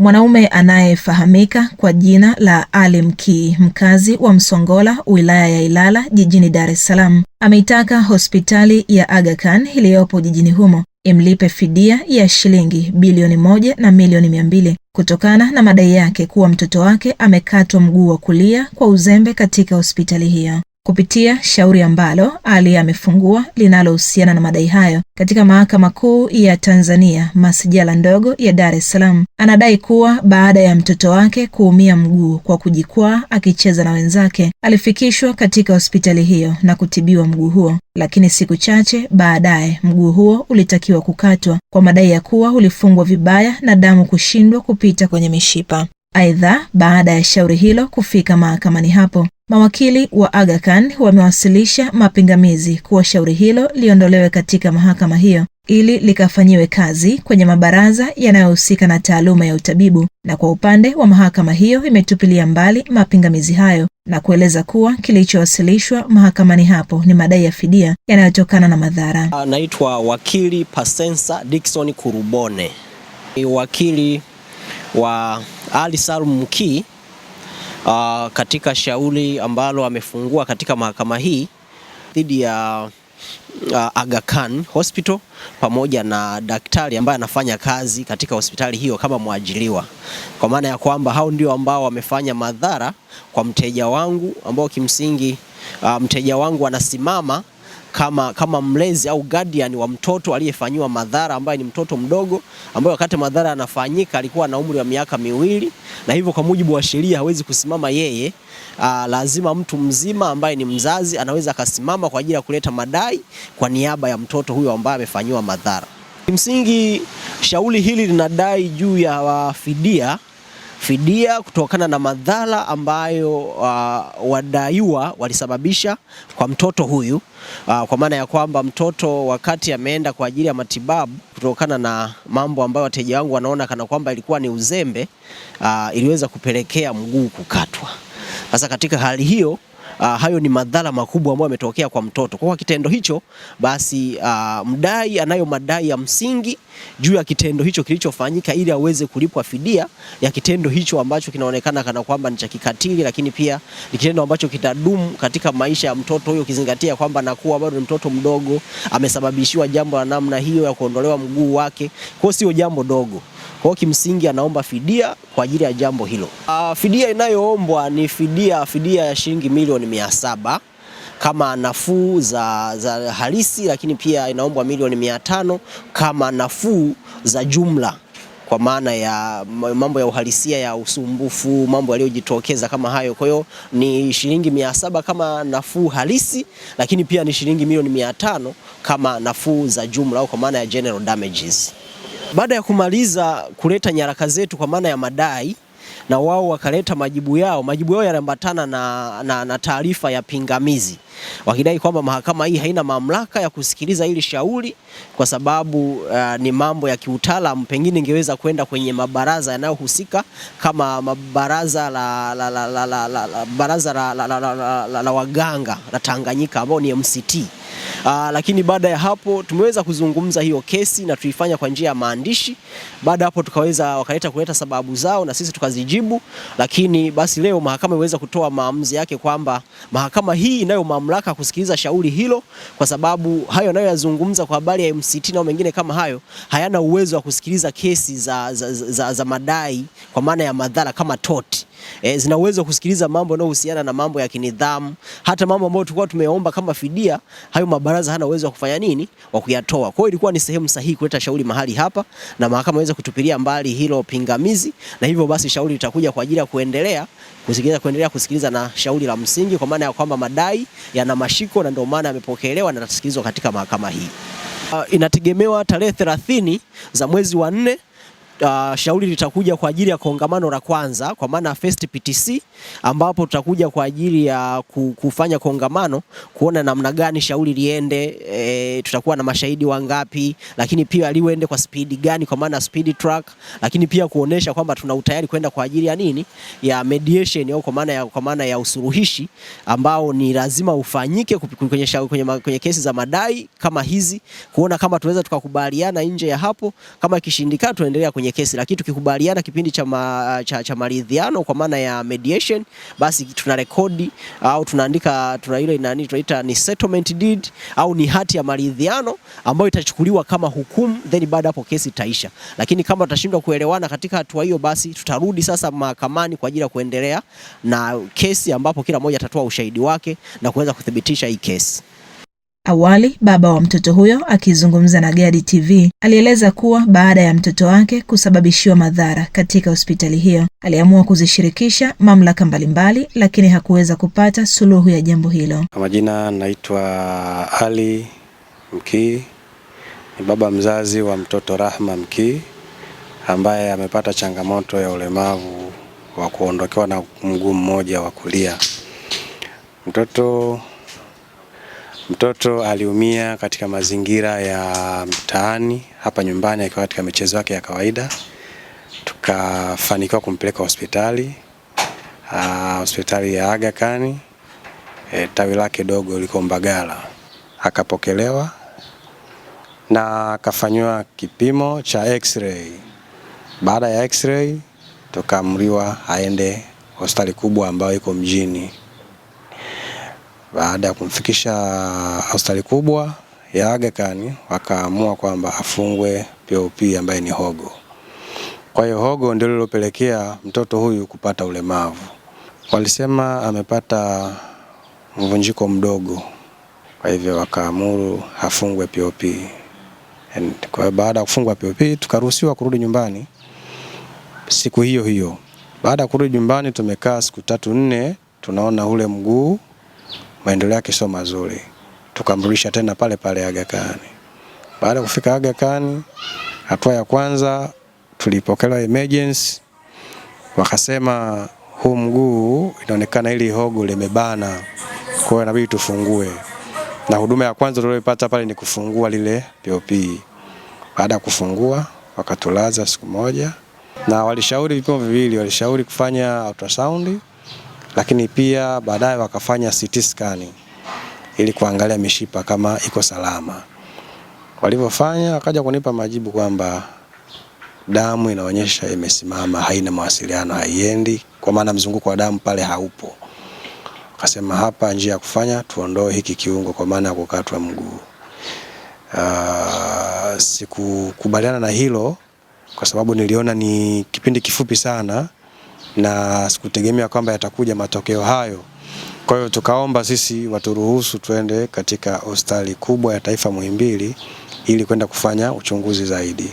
Mwanaume anayefahamika kwa jina la Ali Mkii, mkazi wa Msongola, wilaya ya Ilala, jijini Dar es Salaam, ameitaka hospitali ya Aga Khan iliyopo jijini humo imlipe fidia ya shilingi bilioni moja na milioni mia mbili kutokana na madai yake kuwa mtoto wake amekatwa mguu wa kulia kwa uzembe katika hospitali hiyo kupitia shauri ambalo Ali amefungua linalohusiana na madai hayo katika Mahakama Kuu ya Tanzania, masijala ndogo ya Dar es Salaam, anadai kuwa baada ya mtoto wake kuumia mguu kwa kujikwaa akicheza na wenzake, alifikishwa katika hospitali hiyo na kutibiwa mguu huo, lakini siku chache baadaye mguu huo ulitakiwa kukatwa kwa madai ya kuwa ulifungwa vibaya na damu kushindwa kupita kwenye mishipa. Aidha, baada ya shauri hilo kufika mahakamani hapo, mawakili wa Aga Khan wamewasilisha mapingamizi kuwa shauri hilo liondolewe katika mahakama hiyo ili likafanyiwe kazi kwenye mabaraza yanayohusika na taaluma ya utabibu, na kwa upande wa mahakama hiyo imetupilia mbali mapingamizi hayo na kueleza kuwa kilichowasilishwa mahakamani hapo ni madai ya fidia yanayotokana na madhara. Anaitwa ah, wakili Pasensa Dickson Kurubone, ni wakili wa ali Salum Mkii uh, katika shauri ambalo amefungua katika mahakama hii dhidi ya uh, Aga Khan Hospital pamoja na daktari ambaye anafanya kazi katika hospitali hiyo kama mwajiliwa, kwa maana ya kwamba hao ndio ambao wamefanya madhara kwa mteja wangu ambao kimsingi uh, mteja wangu anasimama kama, kama mlezi au guardian wa mtoto aliyefanyiwa madhara ambaye ni mtoto mdogo ambaye wakati madhara yanafanyika alikuwa na umri wa miaka miwili, na hivyo kwa mujibu wa sheria hawezi kusimama yeye. Aa, ah, lazima mtu mzima ambaye ni mzazi anaweza akasimama kwa ajili ya kuleta madai kwa niaba ya mtoto huyo ambaye amefanyiwa madhara. Kimsingi shauri hili linadai juu ya wafidia fidia kutokana na madhara ambayo uh, wadaiwa walisababisha kwa mtoto huyu uh, kwa maana ya kwamba mtoto wakati ameenda kwa ajili ya matibabu kutokana na mambo ambayo wateja wangu wanaona kana kwamba ilikuwa ni uzembe uh, iliweza kupelekea mguu kukatwa. Sasa katika hali hiyo uh, hayo ni madhara makubwa ambayo yametokea kwa mtoto. Kwa kitendo hicho basi, uh, mdai anayo madai ya msingi juu ya kitendo hicho kilichofanyika, ili aweze kulipwa fidia ya kitendo hicho ambacho kinaonekana kana kwamba ni cha kikatili, lakini pia ni kitendo ambacho kitadumu katika maisha ya mtoto huyo, ukizingatia kwamba nakuwa bado ni mtoto mdogo, amesababishiwa jambo la namna hiyo ya kuondolewa mguu wake, kwa hiyo sio jambo dogo. Kwa hiyo kimsingi anaomba fidia kwa ajili ya jambo hilo. Uh, fidia inayoombwa ni fidia fidia ya shilingi milioni mia saba kama nafuu za, za halisi, lakini pia inaombwa milioni mia tano kama nafuu za jumla kwa maana ya mambo ya uhalisia ya usumbufu, mambo yaliyojitokeza kama hayo. Kwa hiyo ni shilingi mia saba kama nafuu halisi, lakini pia ni shilingi milioni mia tano kama nafuu za jumla au kwa maana ya general damages. Baada ya kumaliza kuleta nyaraka zetu kwa maana ya madai na wao wakaleta majibu yao. Majibu yao yanaambatana na, na, na taarifa ya pingamizi wakidai kwamba mahakama hii haina mamlaka ya kusikiliza hili shauri kwa sababu uh, ni mambo ya kiutaalamu, pengine ingeweza kwenda kwenye mabaraza yanayohusika kama baraza la baraza la waganga la Tanganyika ambao ni MCT. Aa, ah, lakini baada ya hapo tumeweza kuzungumza hiyo kesi na tuifanya kwa njia ya maandishi. Baada hapo tukaweza wakaleta kuleta sababu zao na sisi tukazijibu, lakini basi leo mahakama imeweza kutoa maamuzi yake kwamba mahakama hii inayo mamlaka kusikiliza shauri hilo, kwa sababu hayo anayoyazungumza kwa habari ya MCT na mengine kama hayo hayana uwezo wa kusikiliza kesi za, za, za, za, za madai kwa maana ya madhara kama tort e, zina uwezo kusikiliza mambo yanayohusiana na mambo ya kinidhamu, hata mambo ambayo tulikuwa tumeomba kama fidia, hayo mabaraza hana uwezo wa kufanya nini, wa kuyatoa. Kwa hiyo ilikuwa ni sehemu sahihi kuleta shauri mahali hapa, na mahakama iweze kutupilia mbali hilo pingamizi, na hivyo basi shauri litakuja kwa ajili ya kuendelea kusikiliza, kuendelea kusikiliza na shauri la msingi, kwa maana ya kwamba madai yana mashiko, na ndio maana yamepokelewa na tasikilizwa katika mahakama hii. Uh, inategemewa tarehe 30 za mwezi wa nne uh, shauri litakuja kwa ajili ya kongamano la kwanza kwa maana first PTC, ambapo tutakuja kwa ajili ya kufanya kongamano kuona namna gani shauri liende, e, tutakuwa na mashahidi wangapi, lakini pia liende kwa speed gani, kwa maana speed track, lakini pia kuonesha kwamba tuna utayari kwenda kwa ajili ya nini, ya mediation au kwa maana ya, kwa maana ya usuluhishi ambao ni lazima ufanyike kwenye, kwenye, kwenye kesi za madai kama hizi, kuona kama tunaweza tukakubaliana nje ya hapo, kama kishindikana tuendelea kwenye kwenye kesi, lakini tukikubaliana kipindi cha, ma, cha, cha maridhiano kwa maana ya mediation, basi tuna rekodi au tunaandika tuna ile nani tunaita ni settlement deed au ni hati ya maridhiano ambayo itachukuliwa kama hukumu, then baada hapo kesi itaisha. Lakini kama tutashindwa kuelewana katika hatua hiyo, basi tutarudi sasa mahakamani kwa ajili ya kuendelea na kesi, ambapo kila mmoja atatoa ushahidi wake na kuweza kuthibitisha hii kesi. Awali baba wa mtoto huyo akizungumza na Gadi TV alieleza kuwa baada ya mtoto wake kusababishiwa madhara katika hospitali hiyo aliamua kuzishirikisha mamlaka mbalimbali, lakini hakuweza kupata suluhu ya jambo hilo. Kwa majina, naitwa Ali Mkii, ni baba mzazi wa mtoto Rahma Mkii ambaye amepata changamoto ya ulemavu wa kuondokewa na mguu mmoja wa kulia. Mtoto Mtoto aliumia katika mazingira ya mtaani hapa nyumbani akiwa katika michezo yake ya kawaida, tukafanikiwa kumpeleka hospitali ah, hospitali ya Aga Khan e, tawi lake dogo liko Mbagala, akapokelewa na akafanywa kipimo cha x-ray. Baada ya x-ray tukaamriwa aende hospitali kubwa ambayo iko mjini. Baada ya kumfikisha hospitali kubwa ya Aga Khan, wakaamua kwamba afungwe POP ambaye ni Hogo. Kwa hiyo Hogo ndio lilopelekea mtoto huyu kupata ulemavu. Walisema amepata mvunjiko mdogo, kwa hivyo wakaamuru afungwe POP. And Kwa hiyo baada ya kufungwa POP tukaruhusiwa kurudi nyumbani siku hiyo hiyo. Baada ya kurudi nyumbani tumekaa siku tatu nne, tunaona ule mguu maendeleo yake sio mazuri, tukamrudisha tena pale pale Aga Khan. Baada ya kufika Aga Khan, hatua ya kwanza tulipokelewa emergency, wakasema huu mguu inaonekana ili hogo limebana, kwa hiyo inabidi tufungue, na huduma ya kwanza tuliyopata pale ni kufungua lile POP. Baada ya kufungua, wakatulaza siku moja, na walishauri vipimo viwili, walishauri kufanya ultrasound lakini pia baadaye wakafanya CT scan ili kuangalia mishipa kama iko salama. Walivyofanya wakaja kunipa majibu kwamba damu inaonyesha imesimama, haina mawasiliano, haiendi, kwa maana mzunguko wa damu pale haupo. Akasema hapa njia ya kufanya tuondoe hiki kiungo, kwa maana ya kukatwa mguu. Uh, Sikukubaliana na hilo kwa sababu niliona ni kipindi kifupi sana na sikutegemea kwamba yatakuja matokeo hayo. Kwa hiyo tukaomba sisi waturuhusu twende katika hospitali kubwa ya taifa Muhimbili ili kwenda kufanya uchunguzi zaidi.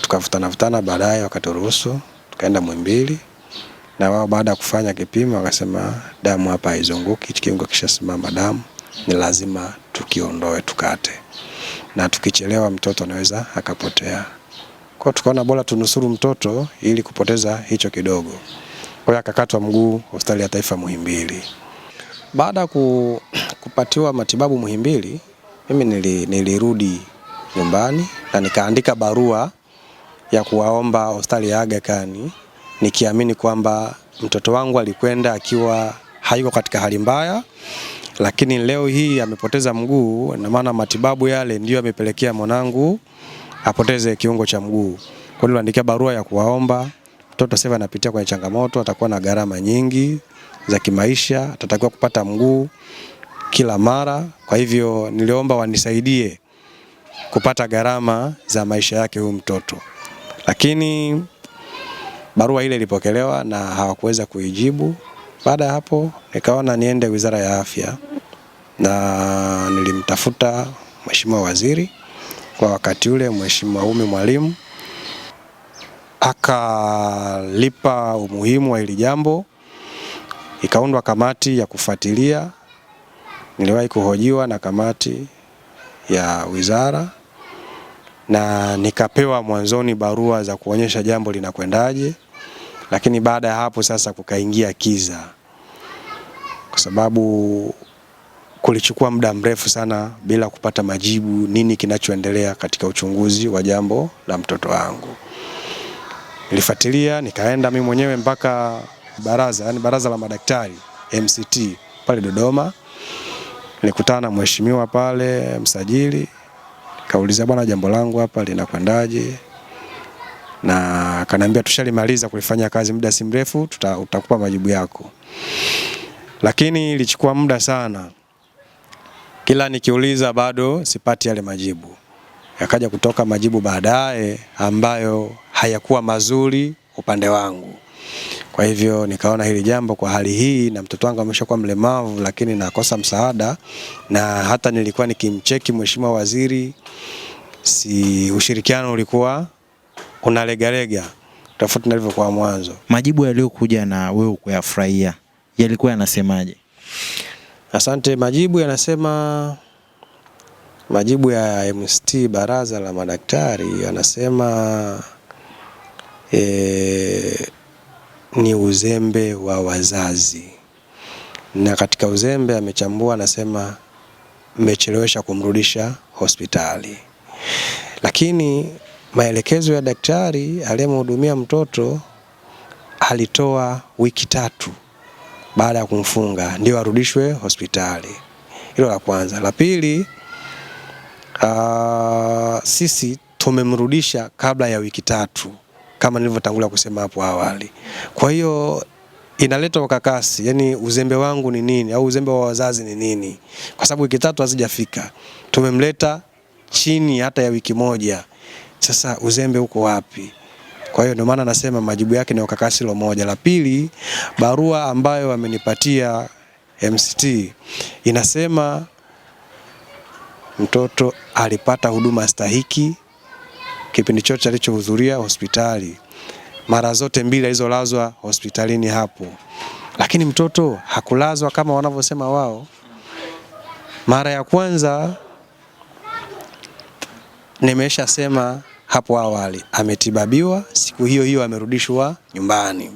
Tukavutana vutana, baadaye wakaturuhusu tukaenda Muhimbili, na wao baada ya kufanya kipimo wakasema damu hapa haizunguki, kiungo kishasimama damu, ni lazima tukiondoe tukate, na tukichelewa mtoto anaweza akapotea. Kwa tukaona bora tunusuru mtoto ili kupoteza hicho kidogo. Kwa hiyo akakatwa mguu hospitali ya taifa Muhimbili. Baada ya kupatiwa matibabu Muhimbili, mimi nilirudi nyumbani na nikaandika barua ya kuwaomba hospitali ya Aga Khan nikiamini kwamba mtoto wangu alikwenda akiwa hayuko katika hali mbaya, lakini leo hii amepoteza mguu na maana matibabu yale ndiyo yamepelekea mwanangu apoteze kiungo cha mguu. Kwa hiyo andikia barua ya kuwaomba. Mtoto Seva anapitia kwenye changamoto, atakuwa na gharama nyingi za kimaisha, atatakiwa kupata mguu kila mara. Kwa hivyo niliomba wanisaidie kupata gharama za maisha yake huyu mtoto, lakini barua ile ilipokelewa na hawakuweza kuijibu. Baada ya hapo, nikaona niende Wizara ya Afya na nilimtafuta Mheshimiwa Waziri kwa wakati ule Mheshimiwa Ummy Mwalimu akalipa umuhimu wa hili jambo, ikaundwa kamati ya kufuatilia. Niliwahi kuhojiwa na kamati ya wizara na nikapewa mwanzoni barua za kuonyesha jambo linakwendaje, lakini baada ya hapo sasa kukaingia kiza kwa sababu kulichukua muda mrefu sana bila kupata majibu, nini kinachoendelea katika uchunguzi wa jambo la mtoto wangu. Nilifuatilia, nikaenda mimi mwenyewe mpaka baraza, yani baraza la madaktari MCT pale Dodoma. Nilikutana na mheshimiwa pale msajili, kaulizia bwana, jambo langu hapa linakwendaje? Na akaniambia tushalimaliza kulifanya kazi, muda si mrefu tutakupa majibu yako, lakini ilichukua muda sana kila nikiuliza bado sipati yale majibu. Yakaja kutoka majibu baadaye ambayo hayakuwa mazuri upande wangu. Kwa hivyo nikaona hili jambo kwa hali hii, na mtoto wangu ameshakuwa mlemavu, lakini nakosa msaada, na hata nilikuwa nikimcheki mheshimiwa waziri, si ushirikiano ulikuwa unalegalega tofauti na ilivyokuwa mwanzo. Majibu yaliyokuja na wewe kuyafurahia yalikuwa yanasemaje? Asante. Majibu yanasema majibu ya MST baraza la madaktari yanasema e, ni uzembe wa wazazi, na katika uzembe amechambua, anasema mmechelewesha kumrudisha hospitali, lakini maelekezo ya daktari aliyemhudumia mtoto alitoa wiki tatu baada ya kumfunga ndio arudishwe hospitali. Hilo la kwanza. La pili, uh, sisi tumemrudisha kabla ya wiki tatu kama nilivyotangulia kusema hapo awali. Kwa hiyo inaleta ukakasi, yani uzembe wangu ni nini au uzembe wa wazazi ni nini? Kwa sababu wiki tatu hazijafika, tumemleta chini hata ya wiki moja. Sasa uzembe uko wapi? Kwa hiyo ndio maana nasema majibu yake ni lo moja. La pili, barua ambayo wamenipatia MCT inasema mtoto alipata huduma stahiki kipindi chote alichohudhuria hospitali mara zote mbili alizolazwa hospitalini hapo, lakini mtoto hakulazwa kama wanavyosema wao. Mara ya kwanza nimeshasema hapo awali ametibabiwa, siku hiyo hiyo amerudishwa nyumbani.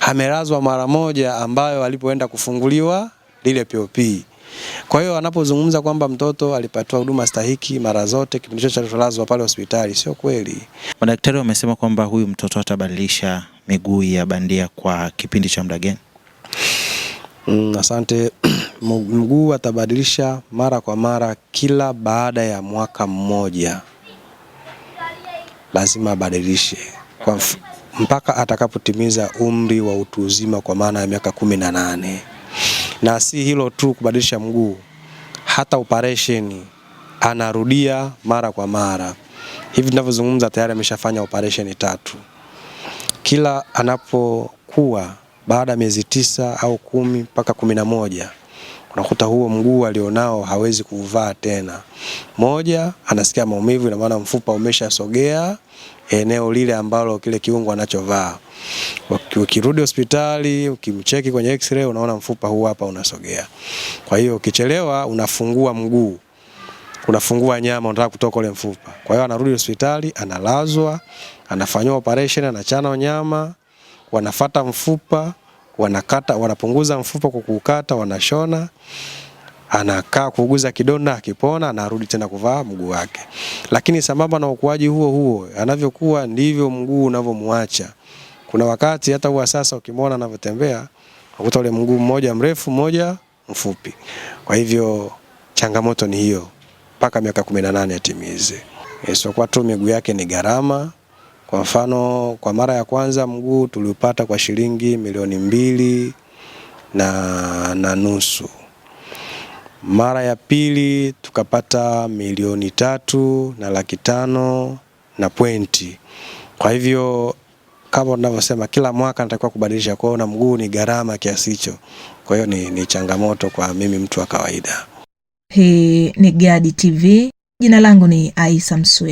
Amelazwa mara moja ambayo alipoenda kufunguliwa lile POP. Kwa hiyo anapozungumza kwamba mtoto alipatiwa huduma stahiki mara zote kipindi cha alilazwa pale hospitali, sio kweli. Madaktari wamesema kwamba huyu mtoto atabadilisha miguu ya bandia kwa kipindi cha muda gani? Mm, asante. Mguu atabadilisha mara kwa mara kila baada ya mwaka mmoja lazima abadilishe kwa mpaka atakapotimiza umri wa utu uzima kwa maana ya miaka kumi na nane. Na si hilo tu kubadilisha mguu, hata operation anarudia mara kwa mara. Hivi tunavyozungumza tayari ameshafanya operation tatu. Kila anapokuwa baada ya miezi tisa au kumi mpaka kumi na moja unakuta huo mguu alionao hawezi kuuvaa tena. Moja, anasikia maumivu, ina maana mfupa umeshasogea eneo lile ambalo kile kiungo anachovaa. Ukirudi hospitali ukimcheki kwenye x-ray, unaona mfupa huu hapa unasogea. Kwa hiyo ukichelewa unafungua mguu, unafungua nyama, unataka kutoka ule mfupa. Kwa hiyo anarudi hospitali, analazwa, anafanywa operation, anachana nyama, wanafata mfupa, wanakata, wanapunguza mfupa kwa kukata, wanashona anakaa kuuguza kidonda, akipona anarudi tena kuvaa mguu wake. Lakini sambamba na ukuaji huo huo, anavyokuwa ndivyo mguu unavyomwacha. Kuna wakati hata huwa sasa ukimwona anavyotembea akuta ule mguu mmoja mrefu mmoja mfupi. Kwa hivyo changamoto ni hiyo mpaka miaka 18 atimize. Sio kwa tu miguu yake ni gharama. Kwa mfano, kwa mara ya kwanza mguu tuliupata kwa shilingi milioni mbili na, na nusu. Mara ya pili tukapata milioni tatu na laki tano na pointi. Kwa hivyo kama unavyosema kila mwaka natakiwa kubadilisha, kwa na mguu ni gharama kiasi hicho. Kwa hiyo ni, ni changamoto kwa mimi mtu wa kawaida. Hii ni Gadi TV, jina langu ni Aisa Msuya.